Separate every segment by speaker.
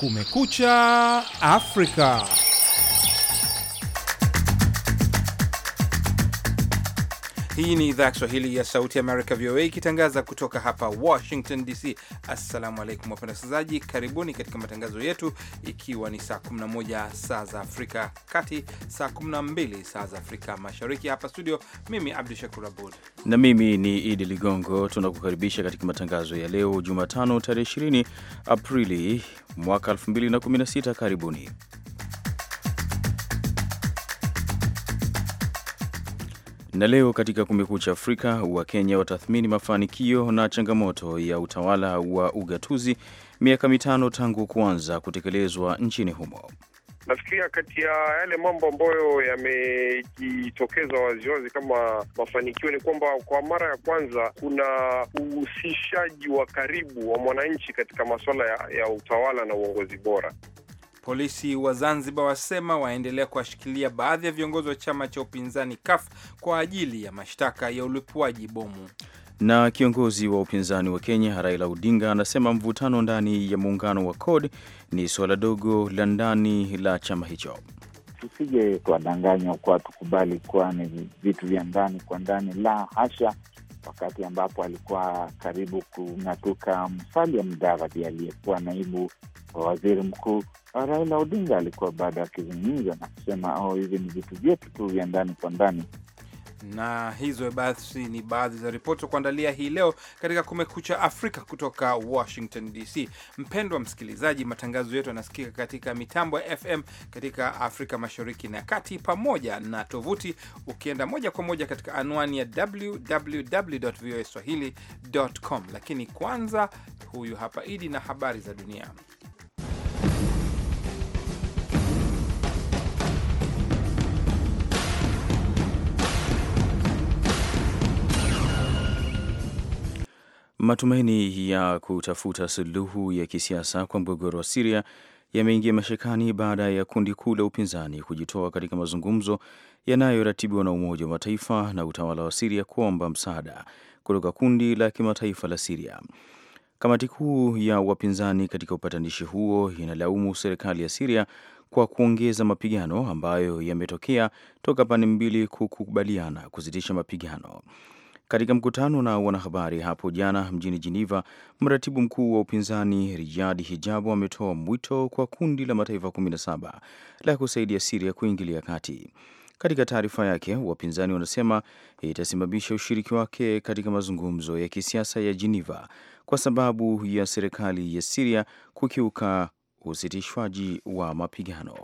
Speaker 1: Kumekucha Afrika. Hii ni idhaa ya Kiswahili ya Sauti ya Amerika, VOA, ikitangaza kutoka hapa Washington DC. Assalamu alaikum wapenda wasikilizaji, karibuni katika matangazo yetu, ikiwa ni saa 11 saa za Afrika kati, saa 12 saa za Afrika Mashariki. Hapa studio, mimi Abdu Shakur Abud
Speaker 2: na mimi ni Idi Ligongo, tunakukaribisha katika matangazo ya leo Jumatano tarehe 20 Aprili mwaka 2016. Karibuni. Na leo katika Kumekucha Afrika, Wakenya watathmini mafanikio na changamoto ya utawala wa ugatuzi miaka mitano tangu kuanza kutekelezwa nchini humo.
Speaker 3: Nafikiria kati ya yale mambo ambayo yamejitokeza waziwazi kama mafanikio ni kwamba kwa mara ya kwanza kuna uhusishaji wa karibu wa mwananchi katika masuala ya, ya utawala na uongozi bora.
Speaker 1: Polisi wa Zanzibar wasema waendelea kuwashikilia baadhi ya viongozi wa chama cha upinzani kaf kwa ajili ya mashtaka ya ulipuaji bomu.
Speaker 2: Na kiongozi wa upinzani wa Kenya Raila Odinga anasema mvutano ndani ya muungano wa CORD ni suala dogo la ndani la chama hicho.
Speaker 4: Tusije twadanganywa kwa tukubali kuwa ni vitu vya ndani kwa ndani, la hasha wakati ambapo alikuwa karibu kung'atuka Musalia Mudavadi aliyekuwa naibu wa waziri mkuu. Raila Odinga alikuwa bado akizungumza na kusema oh, hivi ni vitu vyetu tu vya ndani kwa ndani,
Speaker 1: na hizo basi ni baadhi za ripoti za kuandalia hii leo katika Kumekucha Afrika kutoka Washington DC. Mpendwa msikilizaji, matangazo yetu yanasikika katika mitambo ya FM katika Afrika Mashariki na Kati, pamoja na tovuti, ukienda moja kwa moja katika anwani ya www.voaswahili.com. Lakini kwanza, huyu hapa Idi na habari za dunia.
Speaker 2: Matumaini ya kutafuta suluhu ya kisiasa kwa mgogoro wa Siria yameingia mashakani baada ya kundi kuu la upinzani kujitoa katika mazungumzo yanayoratibiwa na Umoja wa Mataifa na utawala wa Siria kuomba msaada kutoka kundi la kimataifa la Siria. Kamati kuu ya wapinzani katika upatanishi huo inalaumu serikali ya Siria kwa kuongeza mapigano ambayo yametokea toka pande mbili kukubaliana kusitisha mapigano. Katika mkutano na wanahabari hapo jana mjini Geneva, mratibu mkuu wa upinzani Riyad Hijabu ametoa mwito kwa kundi la mataifa 17 la kusaidia Siria kuingilia kati. Katika taarifa yake, wapinzani wanasema itasimamisha ushiriki wake katika mazungumzo ya kisiasa ya Geneva kwa sababu ya serikali ya Siria kukiuka usitishwaji wa mapigano.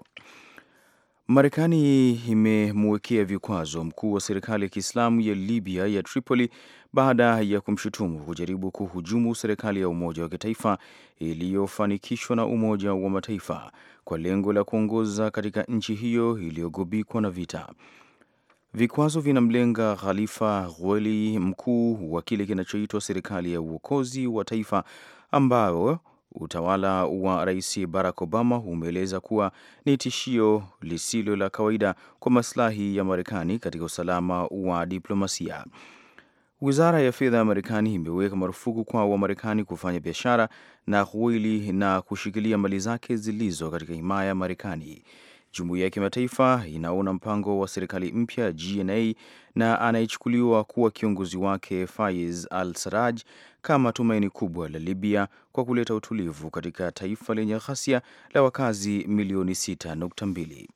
Speaker 2: Marekani imemwekea vikwazo mkuu wa serikali ya Kiislamu ya Libya ya Tripoli baada ya kumshutumu kujaribu kuhujumu serikali ya umoja wa kitaifa iliyofanikishwa na Umoja wa Mataifa kwa lengo la kuongoza katika nchi hiyo iliyogubikwa na vita. Vikwazo vinamlenga Khalifa Ghweli, mkuu wa kile kinachoitwa serikali ya uokozi wa taifa ambayo Utawala wa Rais Barack Obama umeeleza kuwa ni tishio lisilo la kawaida kwa masilahi ya Marekani katika usalama wa diplomasia. Wizara ya fedha ya Marekani imeweka marufuku kwa Wamarekani kufanya biashara na kuili na kushikilia mali zake zilizo katika himaya ya Marekani. Jumuiya ya kimataifa inaona mpango wa serikali mpya GNA na anayechukuliwa kuwa kiongozi wake Faiz al saraj kama tumaini kubwa la Libya kwa kuleta utulivu katika taifa lenye ghasia la wakazi milioni 6.2.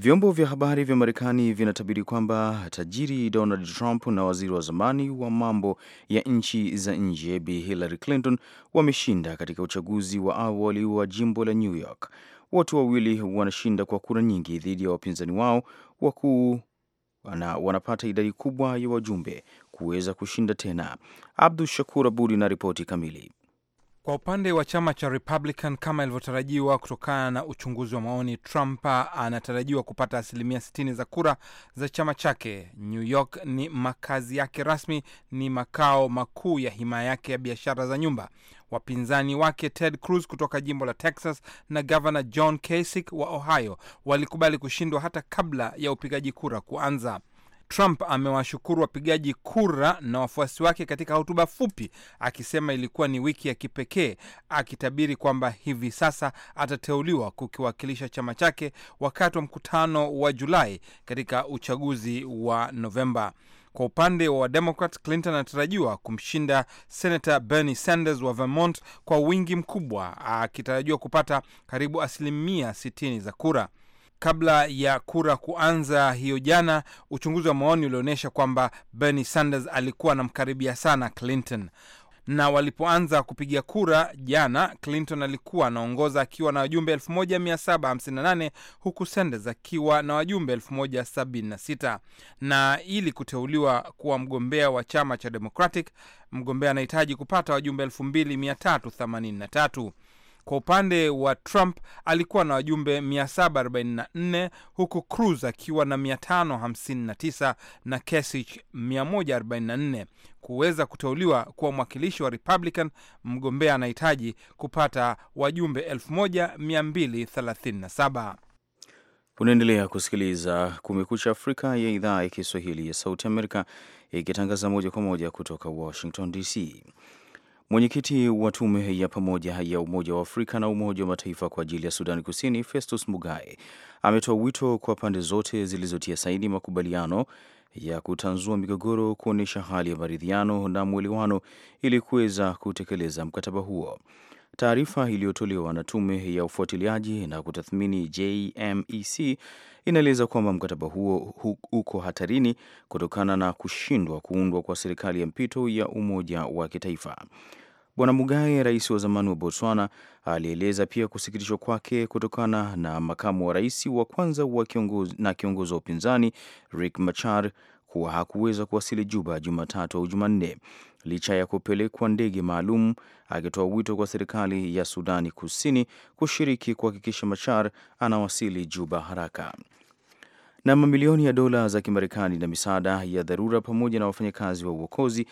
Speaker 2: Vyombo vya habari vya Marekani vinatabiri kwamba tajiri Donald Trump na waziri wa zamani wa mambo ya nchi za nje Bi Hillary Clinton wameshinda katika uchaguzi wa awali wa jimbo la New York. Watu wawili wanashinda kwa kura nyingi dhidi ya wapinzani wao wakuu na wanapata idadi kubwa ya wajumbe kuweza kushinda tena. Abdu Shakur Abudi na ripoti kamili.
Speaker 1: Kwa upande wa chama cha Republican, kama ilivyotarajiwa kutokana na uchunguzi wa maoni, Trump anatarajiwa kupata asilimia 60 za kura za chama chake. New York ni makazi yake rasmi, ni makao makuu ya himaya yake ya biashara za nyumba. Wapinzani wake Ted Cruz kutoka jimbo la Texas na gavana John Kasich wa Ohio walikubali kushindwa hata kabla ya upigaji kura kuanza. Trump amewashukuru wapigaji kura na wafuasi wake katika hotuba fupi, akisema ilikuwa ni wiki ya kipekee, akitabiri kwamba hivi sasa atateuliwa kukiwakilisha chama chake wakati wa mkutano wa Julai katika uchaguzi wa Novemba. Kwa upande wa Democrat, Clinton anatarajiwa kumshinda Senator Bernie Sanders wa Vermont kwa wingi mkubwa, akitarajiwa kupata karibu asilimia 60 za kura. Kabla ya kura kuanza hiyo jana, uchunguzi wa maoni ulionyesha kwamba Bernie Sanders alikuwa anamkaribia sana Clinton na walipoanza kupiga kura jana, Clinton alikuwa anaongoza akiwa na wajumbe 1758 huku Sanders akiwa na wajumbe 1076. Na ili kuteuliwa kuwa mgombea wa chama cha Democratic, mgombea anahitaji kupata wajumbe 2383. Kwa upande wa Trump alikuwa na wajumbe 744 huku Cruz akiwa na 559 na Kasich 144. Kuweza kuteuliwa kuwa mwakilishi wa Republican, mgombea anahitaji kupata wajumbe 1237.
Speaker 2: Unaendelea kusikiliza Kumekucha Afrika ya idhaa ya Kiswahili ya Sauti Amerika, ikitangaza moja kwa moja kutoka Washington DC. Mwenyekiti wa tume ya pamoja ya Umoja wa Afrika na Umoja wa Mataifa kwa ajili ya Sudani Kusini, Festus Mugae, ametoa wito kwa pande zote zilizotia saini makubaliano ya kutanzua migogoro kuonyesha hali ya maridhiano na mwelewano ili kuweza kutekeleza mkataba huo. Taarifa iliyotolewa na tume ya ufuatiliaji na kutathmini JMEC inaeleza kwamba mkataba huo uko hatarini kutokana na kushindwa kuundwa kwa serikali ya mpito ya umoja wa kitaifa. Bwana mugae rais wa zamani wa Botswana, alieleza pia kusikitishwa kwake kutokana na makamu wa rais wa kwanza wa kiongozi na kiongozi wa upinzani rick Machar kuwa hakuweza kuwasili Juba Jumatatu au Jumanne licha ya kupelekwa ndege maalum, akitoa wito kwa serikali ya Sudani Kusini kushiriki kuhakikisha Machar anawasili Juba haraka. Na mamilioni ya dola za Kimarekani na misaada ya dharura pamoja na wafanyakazi wa uokozi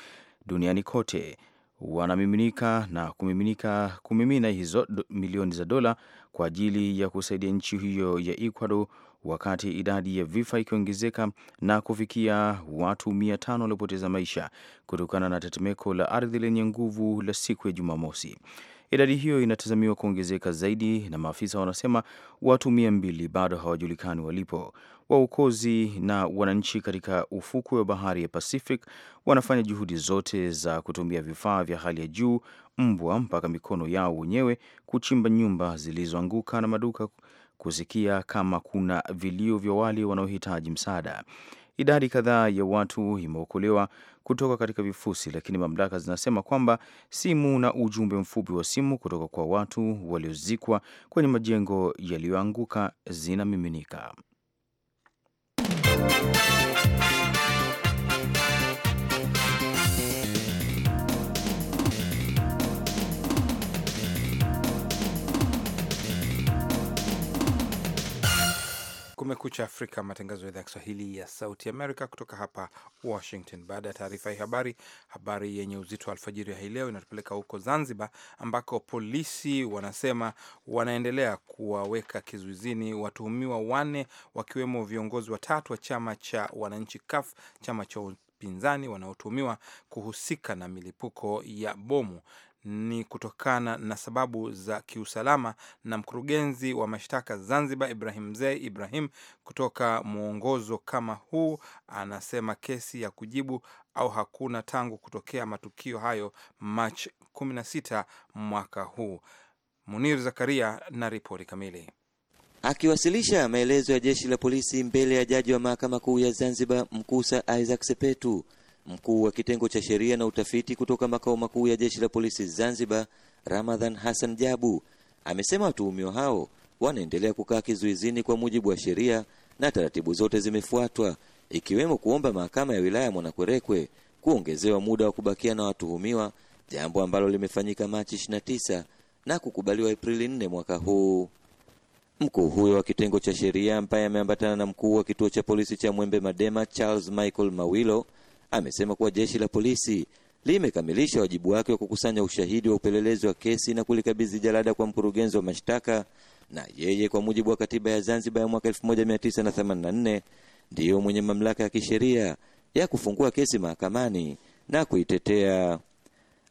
Speaker 2: duniani kote wanamiminika na kumiminika kumimina hizo milioni za dola kwa ajili ya kusaidia nchi hiyo ya Ecuador, wakati idadi ya vifa ikiongezeka na kufikia watu mia tano waliopoteza maisha kutokana na tetemeko la ardhi lenye nguvu la siku ya Jumamosi. Idadi hiyo inatazamiwa kuongezeka zaidi, na maafisa wanasema watu mia mbili bado hawajulikani walipo. Waokozi na wananchi katika ufukwe wa bahari ya Pacific wanafanya juhudi zote za kutumia vifaa vya hali ya juu, mbwa mpaka mikono yao wenyewe kuchimba nyumba zilizoanguka na maduka kusikia kama kuna vilio vya wale wanaohitaji msaada. Idadi kadhaa ya watu imeokolewa kutoka katika vifusi, lakini mamlaka zinasema kwamba simu na ujumbe mfupi wa simu kutoka kwa watu waliozikwa kwenye majengo yaliyoanguka zinamiminika.
Speaker 1: Kumekucha Afrika, matangazo ya idhaa ya Kiswahili ya Sauti Amerika kutoka hapa Washington. Baada ya taarifa hii habari, habari yenye uzito wa alfajiri ya hii leo inatupeleka huko Zanzibar, ambako polisi wanasema wanaendelea kuwaweka kizuizini watuhumiwa wanne, wakiwemo viongozi watatu wa chama cha wananchi CUF, chama cha upinzani wanaotuhumiwa kuhusika na milipuko ya bomu ni kutokana na sababu za kiusalama, na mkurugenzi wa mashtaka Zanzibar Ibrahim Mzee Ibrahim kutoka mwongozo kama huu anasema kesi ya kujibu au hakuna tangu kutokea matukio hayo Machi 16 mwaka huu. Munir Zakaria na ripoti kamili.
Speaker 5: Akiwasilisha maelezo ya jeshi la polisi mbele ya jaji wa mahakama kuu ya Zanzibar Mkusa Isaac Sepetu Mkuu wa kitengo cha sheria na utafiti kutoka makao makuu ya jeshi la polisi Zanzibar, Ramadhan Hassan Jabu, amesema watuhumiwa hao wanaendelea kukaa kizuizini kwa mujibu wa sheria na taratibu zote zimefuatwa, ikiwemo kuomba mahakama ya wilaya Mwanakwerekwe kuongezewa muda wa kubakia na watuhumiwa, jambo ambalo limefanyika Machi 29 na kukubaliwa Aprili 4 mwaka huu. Mkuu huyo wa kitengo cha sheria ambaye ameambatana na mkuu wa kituo cha polisi cha Mwembe Madema Charles Michael Mawilo amesema kuwa jeshi la polisi limekamilisha wajibu wake wa kukusanya ushahidi wa upelelezi wa kesi na kulikabidhi jalada kwa mkurugenzi wa mashtaka, na yeye kwa mujibu wa katiba ya Zanzibar ya mwaka 1984 ndiyo mwenye mamlaka ya kisheria ya kufungua kesi mahakamani na kuitetea.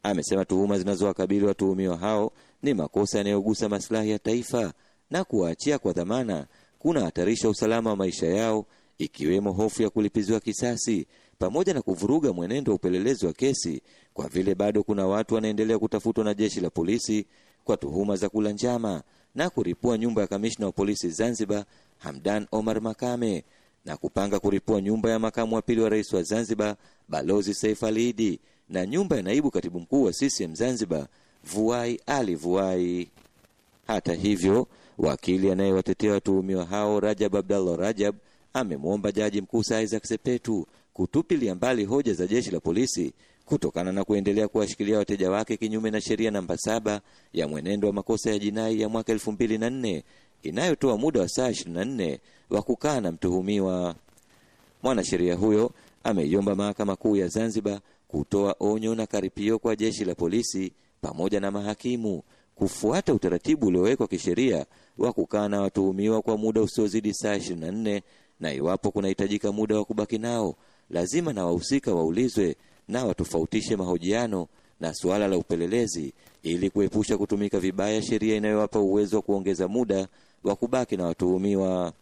Speaker 5: Amesema tuhuma zinazowakabili watuhumiwa hao ni makosa yanayogusa masilahi ya taifa na kuwaachia kwa dhamana kuna hatarisha usalama wa maisha yao, ikiwemo hofu ya kulipiziwa kisasi pamoja na kuvuruga mwenendo wa upelelezi wa kesi, kwa vile bado kuna watu wanaendelea kutafutwa na jeshi la polisi kwa tuhuma za kula njama na kuripua nyumba ya kamishna wa polisi Zanzibar Hamdan Omar Makame na kupanga kuripua nyumba ya makamu wa pili wa rais wa Zanzibar Balozi saif Ali na nyumba ya naibu katibu mkuu wa CCM Zanzibar Vuai Ali Vuai. Hata hivyo, wakili anayewatetea watuhumiwa hao Rajab Abdallah Rajab amemwomba jaji mkuu Isaac Sepetu kutupilia mbali hoja za jeshi la polisi kutokana na kuendelea kuwashikilia wateja wake kinyume na sheria namba saba ya mwenendo wa makosa ya jinai ya mwaka elfu mbili na nne inayotoa muda wa saa na nne wa kukaa na mtuhumiwa. Mwanasheria huyo ameiomba mahakama kuu ya Zanzibar kutoa onyo na karipio kwa jeshi la polisi pamoja na mahakimu kufuata utaratibu uliowekwa kisheria wa kukaa na watuhumiwa kwa muda usiozidi saa na nne na iwapo kunahitajika muda wa kubaki nao lazima na wahusika waulizwe na watofautishe mahojiano na suala la upelelezi ili kuepusha kutumika vibaya sheria inayowapa uwezo wa kuongeza muda wa kubaki na watuhumiwa.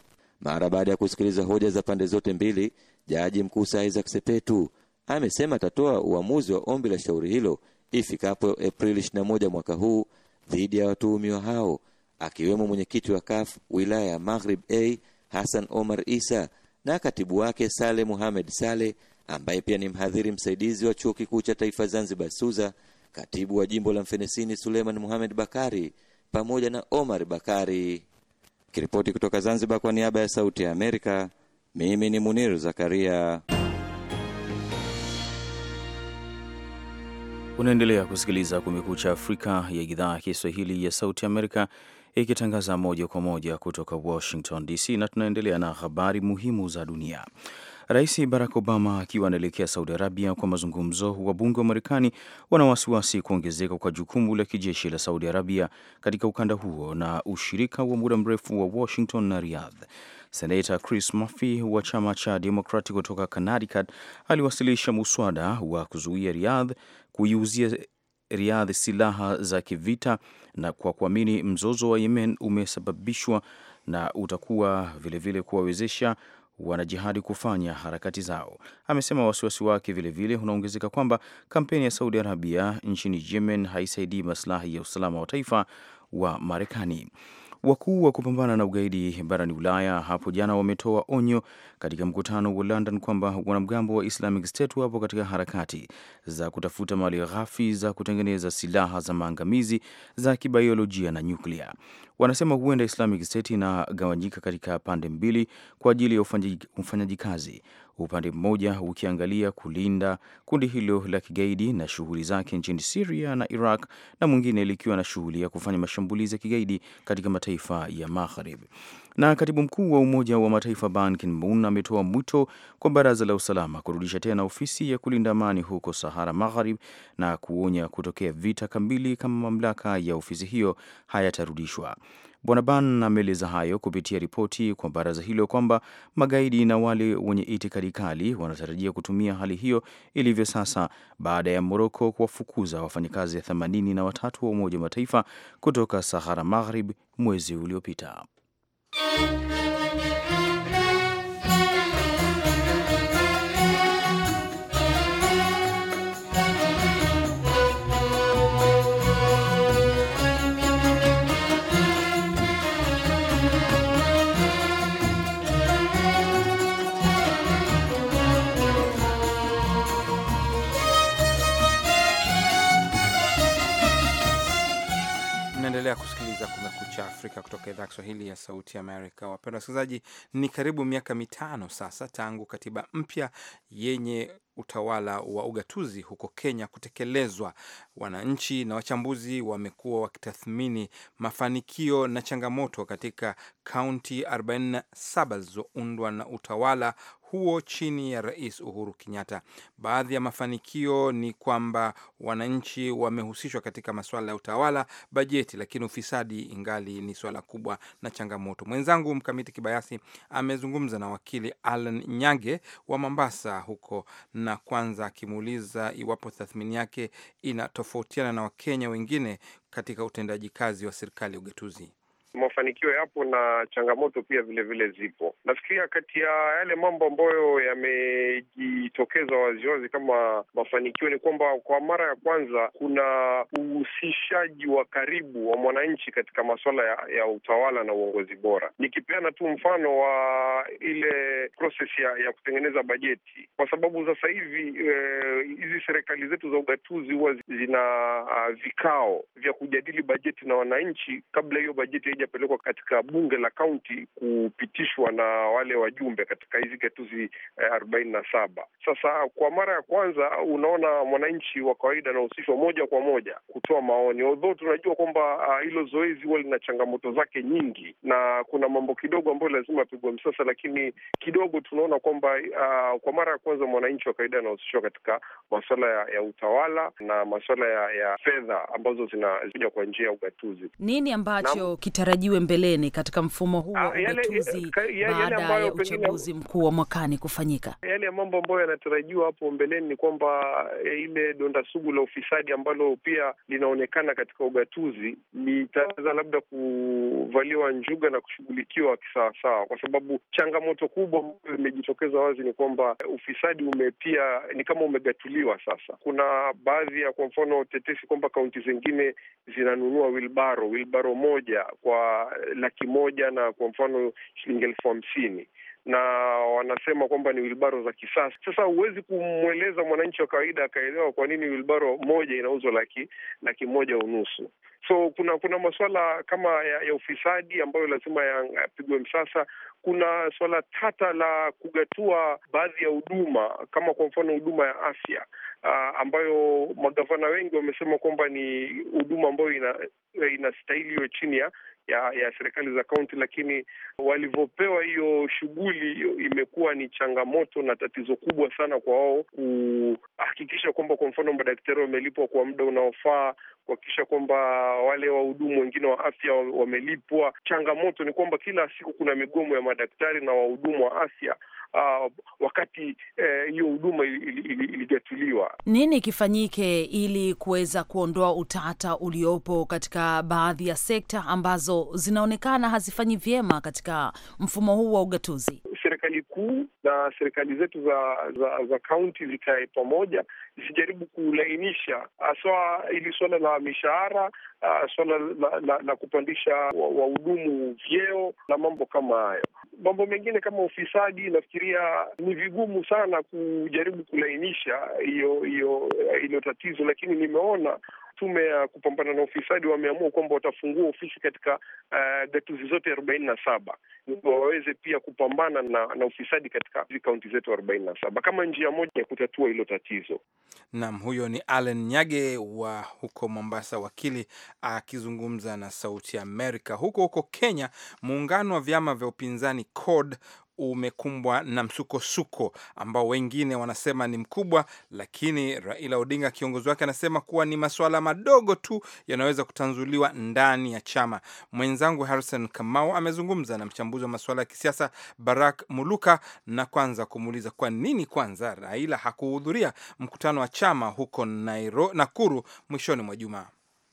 Speaker 5: Mara baada ya kusikiliza hoja za pande zote mbili, jaji mkuu Sir Sepetu amesema atatoa uamuzi wa ombi la shauri hilo ifikapo Aprili 21 mwaka huu dhidi ya watuhumiwa hao akiwemo mwenyekiti wa CAF wilaya ya Maghrib A Hassan Omar Isa na katibu wake saleh Muhamed saleh ambaye pia ni mhadhiri msaidizi wa chuo kikuu cha taifa Zanzibar SUZA, katibu wa jimbo la Mfenesini Suleiman Muhamed Bakari pamoja na Omar Bakari. Kiripoti kutoka Zanzibar kwa niaba ya Sauti ya Amerika, mimi ni Munir Zakaria. Unaendelea
Speaker 2: kusikiliza Kumekucha Afrika ya idhaa ya Kiswahili ya Sauti Amerika ikitangaza moja kwa moja kutoka Washington DC, na tunaendelea na habari muhimu za dunia. Rais Barack Obama akiwa anaelekea Saudi Arabia kwa mazungumzo, wabunge wa Marekani wana wasiwasi kuongezeka kwa jukumu la kijeshi la Saudi Arabia katika ukanda huo na ushirika wa muda mrefu wa Washington na Riyadh. Senata Chris Murphy wa chama cha Demokrati kutoka Connecticut aliwasilisha muswada wa kuzuia Riyadh kuiuzia riadhi silaha za kivita na kwa kuamini mzozo wa Yemen umesababishwa na utakuwa vilevile kuwawezesha wanajihadi kufanya harakati zao. Amesema wasiwasi wake vilevile unaongezeka kwamba kampeni ya Saudi Arabia nchini Yemen haisaidii maslahi ya usalama wa taifa wa Marekani. Wakuu wa kupambana na ugaidi barani Ulaya hapo jana wametoa onyo katika mkutano wa London kwamba wanamgambo wa Islamic State wapo katika harakati za kutafuta mali ghafi za kutengeneza silaha za maangamizi za kibaiolojia na nyuklia. Wanasema huenda Islamic State inagawanyika katika pande mbili kwa ajili ya ufanyaji kazi, upande mmoja ukiangalia kulinda kundi hilo la kigaidi na shughuli zake nchini siria na Iraq, na mwingine likiwa na shughuli ya kufanya mashambulizi ya kigaidi katika mataifa ya Magharibi. Na katibu mkuu wa Umoja wa Mataifa Ban Ki-moon ametoa mwito kwa Baraza la Usalama kurudisha tena ofisi ya kulinda amani huko Sahara Magharib na kuonya kutokea vita kamili kama mamlaka ya ofisi hiyo hayatarudishwa. Bwana Ban ameeleza hayo kupitia ripoti kwa baraza hilo kwamba magaidi na wale wenye itikadi kali wanatarajia kutumia hali hiyo ilivyo sasa baada ya Moroko kuwafukuza wafanyakazi themanini na watatu wa Umoja wa Mataifa kutoka Sahara Maghrib mwezi uliopita.
Speaker 1: kusikiliza Kumekucha Afrika kutoka idhaa ya Kiswahili ya Sauti Amerika. wapenda wasikilizaji, ni karibu miaka mitano sasa tangu katiba mpya yenye utawala wa ugatuzi huko Kenya kutekelezwa. Wananchi na wachambuzi wamekuwa wakitathmini mafanikio na changamoto katika kaunti 47 zilizoundwa na utawala huo chini ya Rais Uhuru Kenyatta. Baadhi ya mafanikio ni kwamba wananchi wamehusishwa katika masuala ya utawala, bajeti, lakini ufisadi ingali ni swala kubwa na changamoto. Mwenzangu Mkamiti Kibayasi amezungumza na wakili Alan Nyange wa Mombasa huko, na kwanza akimuuliza iwapo tathmini yake inatofautiana na Wakenya wengine katika utendaji kazi wa serikali ya ugatuzi.
Speaker 3: Mafanikio yapo na changamoto pia vilevile vile zipo. Nafikiria kati ya yale mambo ambayo yamejitokeza waziwazi kama mafanikio ni kwamba kwa mara ya kwanza kuna uhusishaji wa karibu wa mwananchi katika masuala ya, ya utawala na uongozi bora. Nikipeana tu mfano wa ile proses ya, ya kutengeneza bajeti, kwa sababu sasa hivi eh, hizi e, serikali zetu za ugatuzi huwa zina a, ah, vikao vya kujadili bajeti na wananchi kabla hiyo bajeti apelekwa katika bunge la kaunti kupitishwa na wale wajumbe katika hizi gatuzi eh, arobaini na saba. Sasa kwa mara ya kwanza unaona mwananchi wa kawaida anahusishwa moja kwa moja kutoa maoni, although tunajua kwamba ah, hilo uh, zoezi huwa lina changamoto zake nyingi na kuna mambo kidogo ambayo lazima apigwa msasa, lakini kidogo tunaona kwamba uh, kwa mara ya kwanza mwananchi wa kawaida anahusishwa katika masuala ya, ya utawala na masuala ya, ya fedha ambazo zinakuja kwa njia ya ugatuzi. Nini
Speaker 6: ambacho kitara yatarajiwe mbeleni katika mfumo huu ah, wa ugatuzi baada ya uchaguzi mkuu wa mwakani kufanyika?
Speaker 3: Yale ya mambo ambayo yanatarajiwa hapo mbeleni ni kwamba eh, ile donda sugu la ufisadi ambalo pia linaonekana katika ugatuzi litaweza labda kuvaliwa njuga na kushughulikiwa kisawasawa, kwa sababu changamoto kubwa ambayo imejitokeza wazi ni kwamba eh, ufisadi umepia ni kama umegatuliwa sasa. Kuna baadhi ya kwa mfano tetesi kwamba kaunti zingine zinanunua wilbaro wilbaro moja kwa laki moja na kwa mfano shilingi elfu hamsini na wanasema kwamba ni wilbaro za kisasa. Sasa huwezi kumweleza mwananchi wa kawaida akaelewa kwa nini wilbaro moja inauzwa laki laki moja unusu. So kuna kuna masuala kama ya, ya ufisadi ambayo lazima yapigwe msasa. Kuna suala tata la kugatua baadhi ya huduma kama kwa mfano huduma ya afya uh, ambayo magavana wengi wamesema kwamba ni huduma ambayo ina, iwe chini ya ya, ya serikali za kaunti, lakini walivyopewa hiyo shughuli imekuwa ni changamoto na tatizo kubwa sana kwa wao kuhakikisha kwamba kwa mfano madaktari wamelipwa kwa muda unaofaa, kuhakikisha kwamba wale wahudumu wengine wa afya wamelipwa. Changamoto ni kwamba kila siku kuna migomo ya madaktari na wahudumu wa afya. Uh, wakati eh, hiyo uh, huduma iligatuliwa.
Speaker 6: Nini kifanyike ili kuweza kuondoa utata uliopo katika baadhi ya sekta ambazo zinaonekana hazifanyi vyema katika mfumo huu wa ugatuzi?
Speaker 3: serikali kuu na serikali zetu za za, za kaunti zikae pamoja, zijaribu kulainisha haswa ili suala la mishahara, ah, suala la, la, la kupandisha wahudumu wa vyeo na mambo kama hayo. Mambo mengine kama ufisadi, nafikiria ni vigumu sana kujaribu kulainisha hiyo hiyo hilo tatizo, lakini nimeona tume ya uh, kupambana na ufisadi wameamua kwamba watafungua ofisi katika uh, gatuzi zote arobaini na saba waweze pia kupambana na, na ufisadi katika kaunti zetu arobaini na saba kama njia moja ya kutatua hilo tatizo.
Speaker 1: Naam, huyo ni Allen Nyage wa huko Mombasa, wakili uh, akizungumza na Sauti ya Amerika. Huko huko Kenya, muungano wa vyama vya upinzani CORD umekumbwa na msukosuko ambao wengine wanasema ni mkubwa, lakini Raila Odinga kiongozi wake anasema kuwa ni masuala madogo tu yanaweza kutanzuliwa ndani ya chama. Mwenzangu Harrison Kamau amezungumza na mchambuzi wa masuala ya kisiasa Barak Muluka na kwanza kumuuliza kwa nini kwanza Raila hakuhudhuria mkutano wa chama huko Nairo, Nakuru mwishoni mwa jumaa.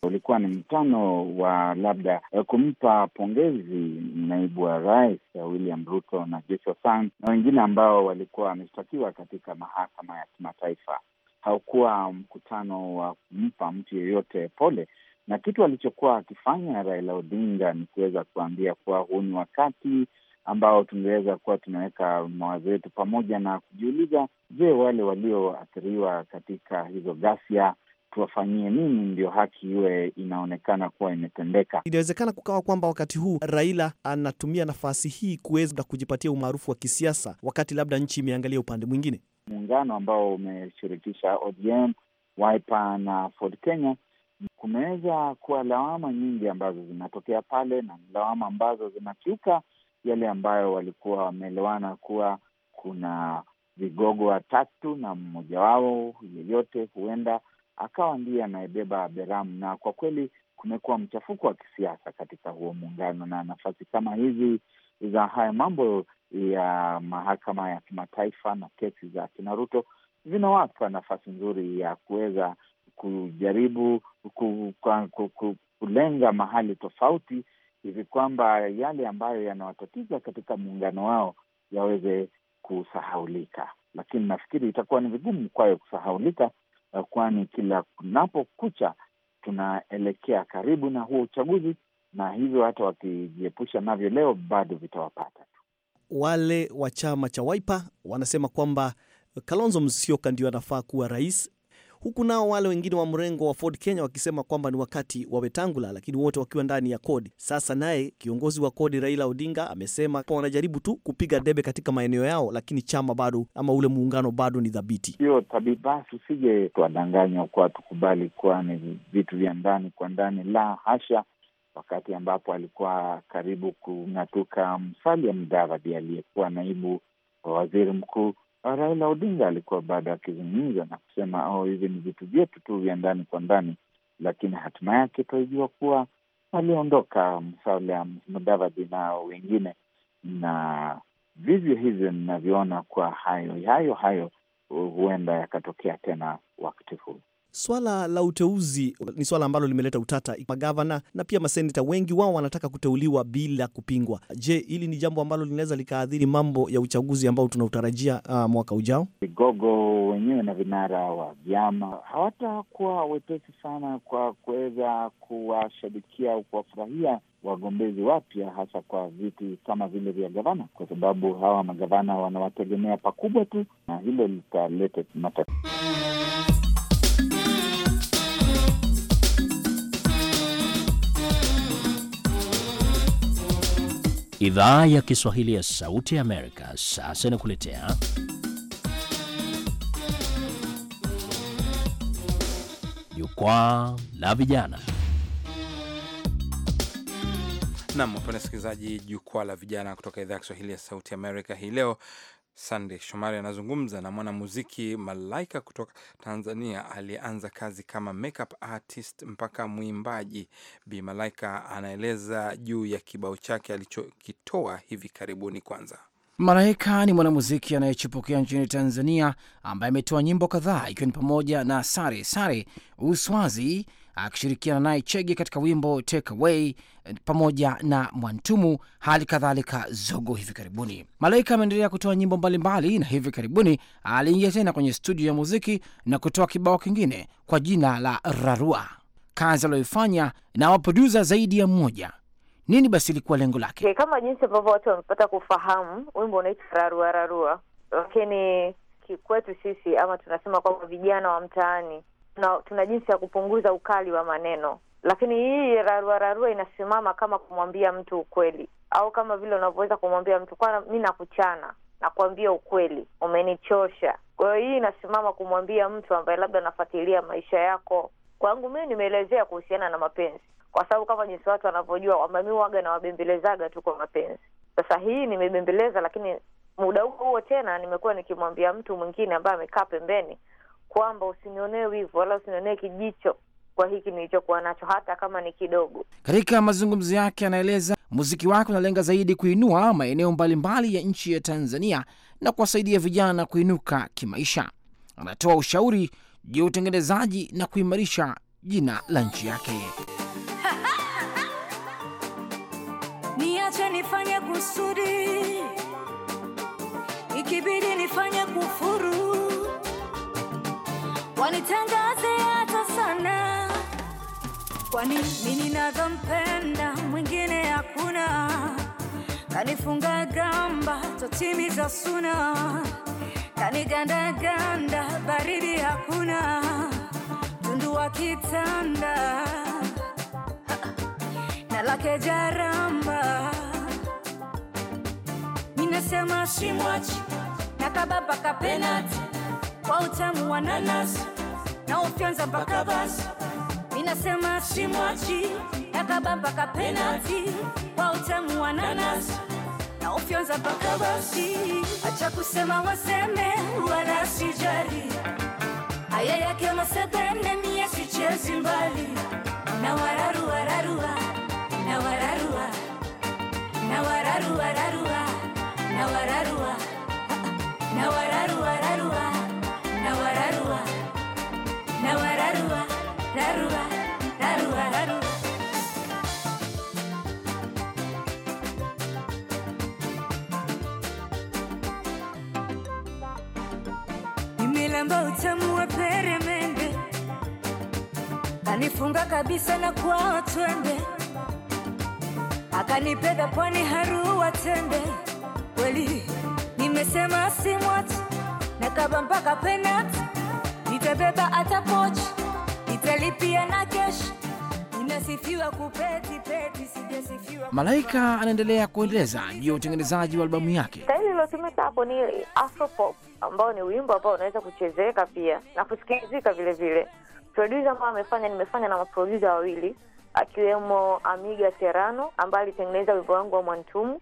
Speaker 4: Ulikuwa ni mkutano wa labda eh, kumpa pongezi naibu wa rais eh, William Ruto na Joshua Sang na wengine ambao walikuwa wameshtakiwa katika mahakama ya kimataifa. Haukuwa mkutano wa kumpa mtu yeyote pole, na kitu alichokuwa akifanya Raila Odinga ni kuweza kuambia kuwa huu ni wakati ambao tungeweza kuwa tunaweka mawazo yetu pamoja na kujiuliza, je, wale walioathiriwa katika hizo ghasia tuwafanyie nini ndio haki iwe inaonekana kuwa imetendeka.
Speaker 2: Inawezekana kukawa kwamba wakati huu Raila anatumia nafasi hii kuweza kujipatia umaarufu wa kisiasa, wakati labda nchi imeangalia upande mwingine.
Speaker 4: Muungano ambao umeshirikisha ODM, Wiper na Ford Kenya, kumeweza kuwa lawama nyingi ambazo zinatokea pale na lawama ambazo zinakiuka yale ambayo walikuwa wameelewana kuwa kuna vigogo watatu na mmoja wao yeyote huenda akawa ndiye anayebeba beramu, na kwa kweli kumekuwa mchafuko wa kisiasa katika huo muungano, na nafasi kama hizi za haya mambo ya mahakama ya kimataifa na kesi za kina Ruto zinawapa nafasi nzuri ya kuweza kujaribu ku, ku, ku, ku, kulenga mahali tofauti hivi kwamba yale ambayo yanawatatiza katika muungano wao yaweze kusahaulika, lakini nafikiri itakuwa ni vigumu kwayo kusahaulika Eh, kwani kila kunapokucha tunaelekea karibu na huo uchaguzi, na hivyo hata wakijiepusha navyo leo bado vitawapata tu.
Speaker 2: Wale wa chama cha Waipa wanasema kwamba Kalonzo Musyoka ndio anafaa kuwa rais huku nao wale wengine wa mrengo wa Ford Kenya wakisema kwamba ni wakati wa Wetangula, lakini wote wakiwa ndani ya kodi. Sasa naye kiongozi wa kodi Raila Odinga amesema wanajaribu tu kupiga debe katika maeneo yao, lakini chama bado ama ule muungano bado ni dhabiti.
Speaker 4: Hiyo tabiba tusije usije twadanganywa kwa tukubali kuwa ni vitu vya ndani kwa ndani, la hasha. Wakati ambapo alikuwa karibu kung'atuka Musalia Mudavadi aliyekuwa naibu wa waziri mkuu Raila Odinga alikuwa baada akizungumza na kusema oh, hivi ni vitu vyetu tu vya ndani kwa ndani, lakini hatima yake twaijua kuwa aliondoka Musalia Mudavadi na wengine, na vivyo hivyo ninavyoona kwa hayo hayo hayo huenda yakatokea tena wakati huu.
Speaker 2: Swala la uteuzi ni swala ambalo limeleta utata. Magavana na pia maseneta wengi wao wanataka kuteuliwa bila kupingwa. Je, hili ni jambo ambalo linaweza likaadhiri mambo ya uchaguzi ambao tunautarajia uh, mwaka ujao?
Speaker 4: Vigogo wenyewe na vinara wa vyama hawatakuwa wepesi sana kwa kuweza kuwashabikia au kuwafurahia wagombezi wapya hasa kwa viti kama vile vya gavana, kwa sababu hawa magavana wanawategemea pakubwa tu, na hilo litaleta matatizo.
Speaker 6: Idhaa ya Kiswahili ya Sauti ya Amerika sasa inakuletea
Speaker 1: Jukwaa la Vijana. Nam wapenda sikilizaji, Jukwaa la Vijana kutoka Idhaa ya Kiswahili ya Sauti Amerika hii leo Sandey Shomari anazungumza na mwanamuziki Malaika kutoka Tanzania aliyeanza kazi kama makeup artist mpaka mwimbaji. Bi Malaika anaeleza juu ya kibao chake alichokitoa hivi karibuni. Kwanza,
Speaker 6: Malaika ni mwanamuziki anayechipukia nchini Tanzania ambaye ametoa nyimbo kadhaa ikiwa ni pamoja na Sare Sare, Uswazi akishirikiana naye Chege katika wimbo Take Away pamoja na Mwantumu, hali kadhalika Zogo. Hivi karibuni Malaika ameendelea kutoa nyimbo mbalimbali, na hivi karibuni aliingia tena kwenye studio ya muziki na kutoa kibao kingine kwa jina la Rarua. Kazi aliyoifanya na waproduza zaidi ya mmoja nini basi ilikuwa lengo lake?
Speaker 7: Okay, eh, kama jinsi ambavyo watu wamepata kufahamu wimbo unaitwa rarua rarua, lakini kikwetu sisi ama tunasema kwamba vijana wa mtaani tuna, tuna jinsi ya kupunguza ukali wa maneno, lakini hii raruararua inasimama kama kumwambia mtu ukweli, au kama vile unavyoweza kumwambia mtu kwana, mi nakuchana, nakuambia ukweli, umenichosha. Kwa hiyo hii inasimama kumwambia mtu ambaye labda anafuatilia maisha yako. Kwangu mimi nimeelezea kuhusiana na mapenzi, kwa sababu kama jinsi watu wanavyojua kwamba mi waga nawabembelezaga tu kwa mapenzi. Sasa hii nimebembeleza, lakini muda huo huo tena nimekuwa nikimwambia mtu mwingine ambaye amekaa pembeni kwamba usinionee wivu wala usinionee kijicho kwa hiki nilichokuwa nacho hata kama ni kidogo.
Speaker 6: Katika mazungumzo yake, anaeleza muziki wake unalenga zaidi kuinua maeneo mbalimbali ya nchi ya Tanzania na kuwasaidia vijana kuinuka kimaisha. Anatoa ushauri juu ya utengenezaji na kuimarisha jina la nchi yake.
Speaker 8: Niache nifanye kusudi, ikibidi nifanye kufuru wanitangaze hata sana, kwani mimi ninavyompenda mwingine hakuna. Kanifunga gamba totimiza suna, kanigandaganda baridi hakuna, tundu wa kitanda na lake jaramba, ninasema simwachi na kababa kapenati kwa utamu wa nanasi na ufyonza mpaka basi, minasema simwachi, yakaba mpaka penati kwa utamu wa nanasi na ufyonza mpaka basi, acha kusema waseme, wala sijali haya yake masebene, mie sichezi mbali na wararua na wararua na wararua na wararua na wararua na wararua, rarua. Na wararua nimelamba utamu wa peremende kanifunga kabisa na kwao twende akanipenda pwani harua tende kweli nimesema simwat nakaba mpaka penati utabeba hata poch nitalipia na keshi. Ninasifiwa kupeti peti, sijasifiwa.
Speaker 6: Malaika anaendelea kueleza ya utengenezaji wa albamu yake.
Speaker 7: Staili iliyotumika hapo ni afropop, ambao ni wimbo ambao unaweza kuchezeka pia na kusikilizika vile vile. Produsa ambao amefanya, nimefanya na maprodusa wawili akiwemo Amiga Terano ambaye alitengeneza wimbo wangu wa Mwantumu.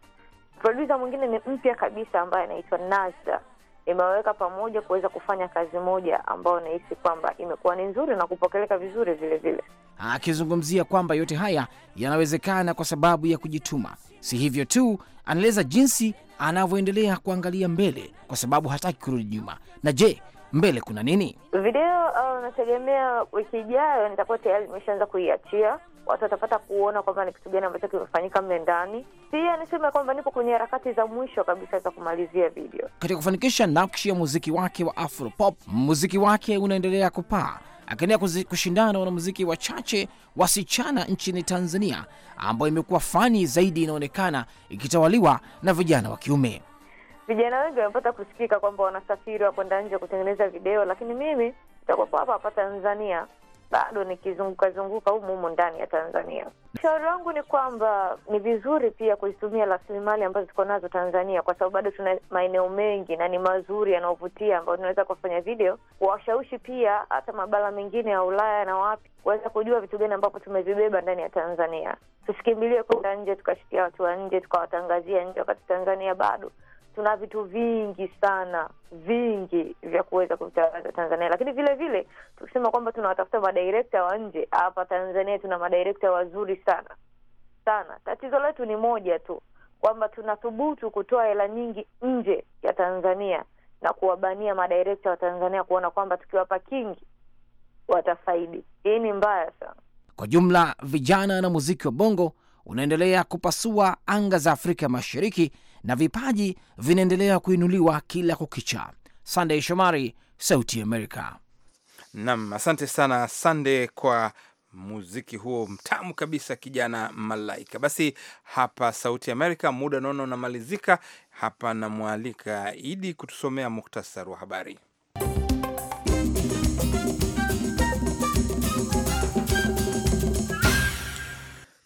Speaker 7: Produsa mwingine ni mpya kabisa ambaye anaitwa Nazda imeweka pamoja kuweza kufanya kazi moja ambayo nahisi kwamba imekuwa ni nzuri na kupokeleka vizuri vile vile,
Speaker 6: akizungumzia kwamba yote haya yanawezekana kwa sababu ya kujituma. Si hivyo tu, anaeleza jinsi anavyoendelea kuangalia mbele kwa sababu hataki kurudi nyuma. Na je, mbele kuna nini?
Speaker 7: Video unategemea uh, wiki ijayo nitakuwa tayari nimeshaanza kuiachia, watu watapata kuona kwamba ni kitu gani ambacho kimefanyika mle ndani. Pia niseme kwamba nipo kwenye harakati za mwisho kabisa za kumalizia video.
Speaker 6: Katika kufanikisha nakshi ya muziki wake wa Afropop, muziki wake unaendelea kupaa akiendelea kushindana na wanamuziki wachache wasichana nchini Tanzania, ambayo imekuwa fani zaidi inaonekana ikitawaliwa na vijana wa kiume
Speaker 7: vijana wengi wamepata kusikika kwamba wanasafiri wakwenda nje kutengeneza video, lakini mimi nitakuwa hapa hapa Tanzania bado nikizunguka zunguka humu humu ndani ya Tanzania. Ushauri wangu ni kwamba ni vizuri pia kuzitumia rasilimali ambazo ziko nazo Tanzania, kwa sababu bado tuna maeneo mengi na ni mazuri yanayovutia, ambayo tunaweza kufanya video, kuwashawishi pia hata mabara mengine ya Ulaya na wapi kuweza kujua vitu gani ambapo tumevibeba ndani ya Tanzania. Tusikimbilie kwenda nje tukashikia watu wa nje tukawatangazia nje, wakati Tanzania bado tuna vitu vingi sana vingi vya kuweza kuvitangaza Tanzania, lakini vile vile tukisema kwamba tunawatafuta madirekta wa nje, hapa Tanzania tuna madirekta wazuri sana sana. Tatizo letu ni moja tu, kwamba tunathubutu kutoa hela nyingi nje ya Tanzania na kuwabania madirekta wa Tanzania kuona kwamba tukiwapa kingi watafaidi. Hii ni mbaya sana.
Speaker 6: Kwa jumla, vijana na muziki wa bongo unaendelea kupasua anga za Afrika Mashariki na vipaji vinaendelea kuinuliwa kila kukicha. Sandey Shomari, Sauti Amerika.
Speaker 1: Nam, asante sana Sande kwa muziki huo mtamu kabisa, kijana Malaika. Basi hapa Sauti Amerika, muda unaona unamalizika hapa. Namwalika Idi kutusomea muktasari wa habari.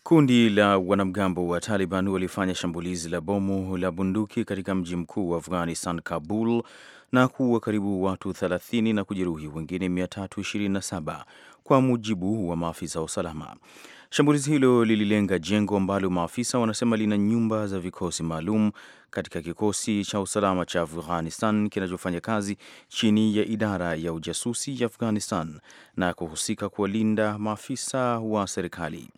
Speaker 2: Kundi la wanamgambo wa Taliban walifanya shambulizi la bomu la bunduki katika mji mkuu wa Afghanistan, Kabul, na kuua karibu watu 30 na kujeruhi wengine 327 kwa mujibu wa maafisa wa usalama. Shambulizi hilo lililenga jengo ambalo maafisa wanasema lina nyumba za vikosi maalum katika kikosi cha usalama cha Afghanistan kinachofanya kazi chini ya idara ya ujasusi ya Afghanistan na kuhusika kuwalinda maafisa wa serikali.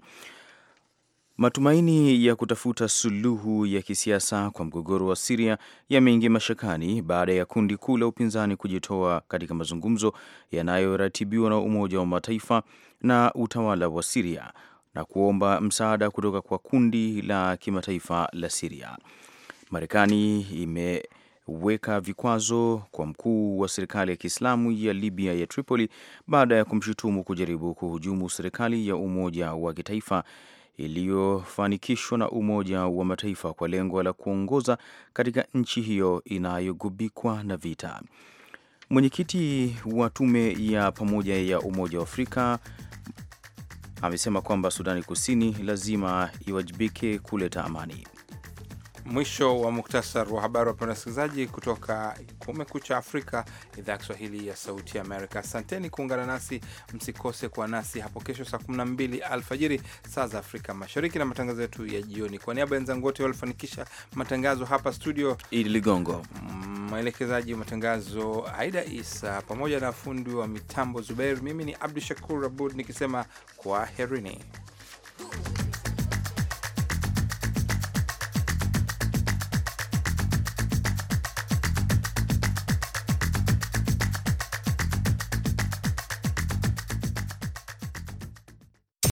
Speaker 2: Matumaini ya kutafuta suluhu ya kisiasa kwa mgogoro wa Siria yameingia mashakani baada ya kundi kuu la upinzani kujitoa katika mazungumzo yanayoratibiwa na Umoja wa Mataifa na utawala wa Siria na kuomba msaada kutoka kwa kundi la kimataifa la Siria. Marekani ime weka vikwazo kwa mkuu wa serikali ya Kiislamu ya Libya ya Tripoli baada ya kumshutumu kujaribu kuhujumu serikali ya umoja wa kitaifa iliyofanikishwa na Umoja wa Mataifa kwa lengo la kuongoza katika nchi hiyo inayogubikwa na vita. Mwenyekiti wa tume ya pamoja ya Umoja wa Afrika amesema kwamba Sudani Kusini lazima iwajibike kuleta amani.
Speaker 1: Mwisho wa muktasar wa habari, wapenda wasikilizaji, kutoka Kumekucha Afrika, idhaa ya Kiswahili ya Sauti Amerika. Asanteni kuungana nasi, msikose kuwa nasi hapo kesho saa 12 alfajiri saa za Afrika Mashariki na matangazo yetu ya jioni. Kwa niaba ya wenzangu wote waliofanikisha matangazo hapa studio,
Speaker 2: Idi Ligongo
Speaker 1: mwelekezaji wa matangazo Aida Isa, pamoja na fundi wa mitambo Zubair, mimi ni Abdu Shakur Abud nikisema kwa Ooh.